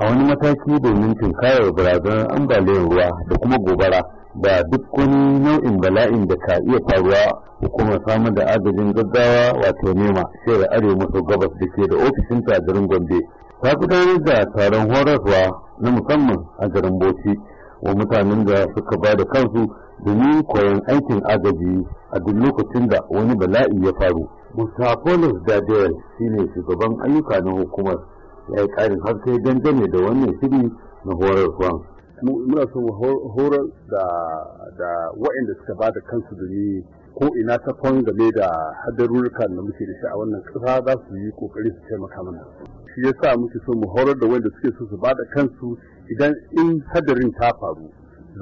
a wani mataki domin tunkarar barazanar ambaliyar ruwa da kuma gobara da duk wani nau'in bala'in da ka iya faruwa hukumar samar da agajin gaggawa wato nema shirin arewa maso gabas da ke da ofishin a gombe ta gudanar da taron horarwa na musamman a garin bauchi wa mutanen da suka ba da kansu domin koyon aikin agaji a duk lokacin da wani bala'i ya faru. Musafolis Dadel shine shugaban ayyuka na hukumar ya yi ƙarin sai dangane da wannan shiri na horarwa. muna son horar da da waɗanda suka ba da kansu domin ko ina ta game da hadarurruka da muke da shi a wannan kasa za su yi ƙoƙari su taimaka mana shi ya sa muke son mu horar da wanda suke so su ba da kansu idan in hadarin ta faru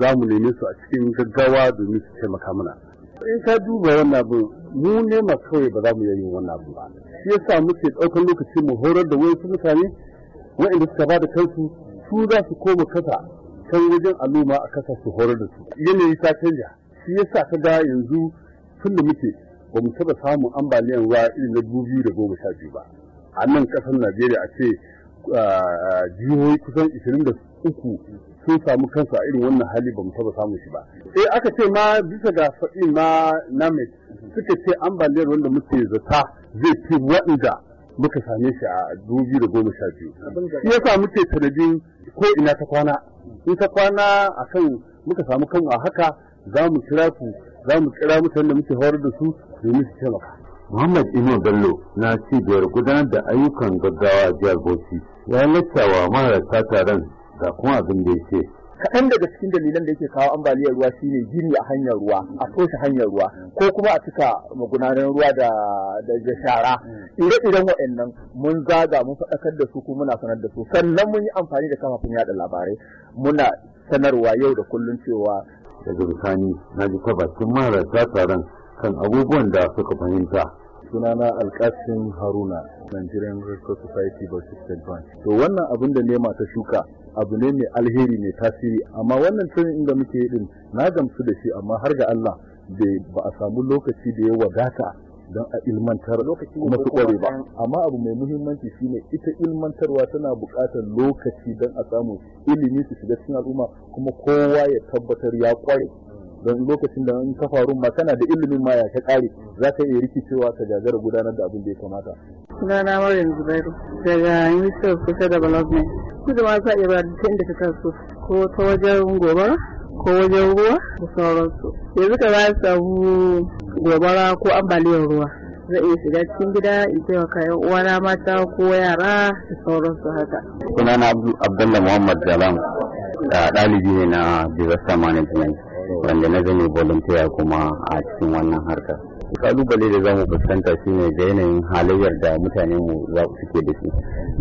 za mu neme su a cikin gaggawa domin su taimaka mana in ka duba wannan abu mu ne masu kawai ba za mu yin wannan abu ba shi yasa muke ɗaukar lokaci mu horar da wasu mutane waɗanda suka ba da kansu su za su koma kasa kan wajen al'umma a kasa su horar da su yanayi ta canja shi yasa ka ga yanzu tun da muke ba mu taɓa samun ambaliyan ruwa irin na dubu biyu da goma sha biyu ba a nan ƙasar najeriya a ce ah, ah, jihohi kusan ishirin da uku sun samu kansu a irin wannan hali ba mu taba samun shi ba eh aka ce ma bisa ga faɗi ma namet suka ce ambaliyar wanda muke zata zai fi waɗanda muka same shi a 2012 da goma sha biyu shi yasa muke sanadin ko ina ta kwana in ta kwana akan muka samu kanmu a haka za mu kira ku za mu kira mutanen da muke horar da su domin su maka. Muhammad Ino Bello na cibiyar gudanar da ayyukan gaggawa a jihar Bauchi ya laccawa marasa taron ga kuma abin da ya ce kaɗan daga cikin dalilan da yake kawo ambaliyar ruwa shine gini a hanyar ruwa a toshe hanyar ruwa ko kuma a cika magunanan ruwa da da shara ire-iren waɗannan mun zaga mun faɗakar da su kuma muna sanar da su sannan mun yi amfani da kafafen yada labarai muna sanarwa yau da kullun cewa daga bisani na ji ta bakin marasa taron kan abubuwan da suka fahimta sunana alkasin haruna nigerian red Society society versus to wannan abin da nema ta shuka abu ne mai alheri mai tasiri amma wannan tunin inda muke yi din na gamsu da shi amma har ga Allah ba a samu lokaci da ya wadata don a ilmantar masu kware ba amma abu mai muhimmanci shine ita ilmantarwa tana buƙatar lokaci don a samu ilimi su shiga cikin al'umma kuma kowa ya tabbatar ya kware don lokacin da in ka faru ma kana da ilimin ma ya ka kare za ka iya rikicewa ka gagara gudanar da abin da ya kamata sunana Maryam Zubairu daga Ministry Social Development. Kuma za a iya ba ta inda ta kasu ko ta wajen gobara ko wajen ruwa da sauransu. Yanzu ka za a samu gobara ko ambaliyar ruwa. zai iya shiga cikin gida in taimaka yan uwana mata ko yara da sauransu haka. Sunana Abdullahi Muhammad Jalam ɗalibi ne na Disaster Management. wanda na zane volunteer kuma a cikin wannan harka kalubale da zamu fuskanta shine da yanayin halayyar da mutane mu za su suke da shi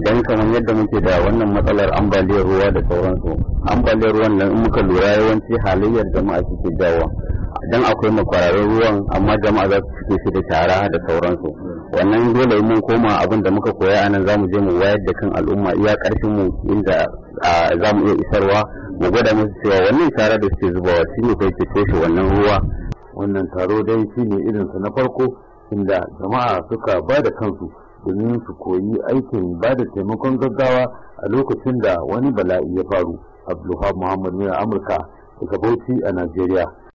dan kamar yadda muke da wannan matsalar ambaliyar ruwa da sauransu ambaliyar ruwan nan in muka lura yawanci halayyar jama'a suke jawo dan akwai makwararin ruwan amma jama'a za su suke shi da tara da sauransu wannan dole mun koma abin da muka koya anan zamu je mu wayar da kan al'umma iya karfin mu inda za mu iya isarwa mu gwada masu cewa wannan shara da suke zubawa shi ne kai ke toshe wannan ruwa wannan taro dai shi ne irinsa na farko inda jama'a suka ba da kansu domin su koyi aikin ba da taimakon gaggawa a lokacin da wani bala'i ya faru abdulhab muhammad ne a amurka daga bauchi a najeriya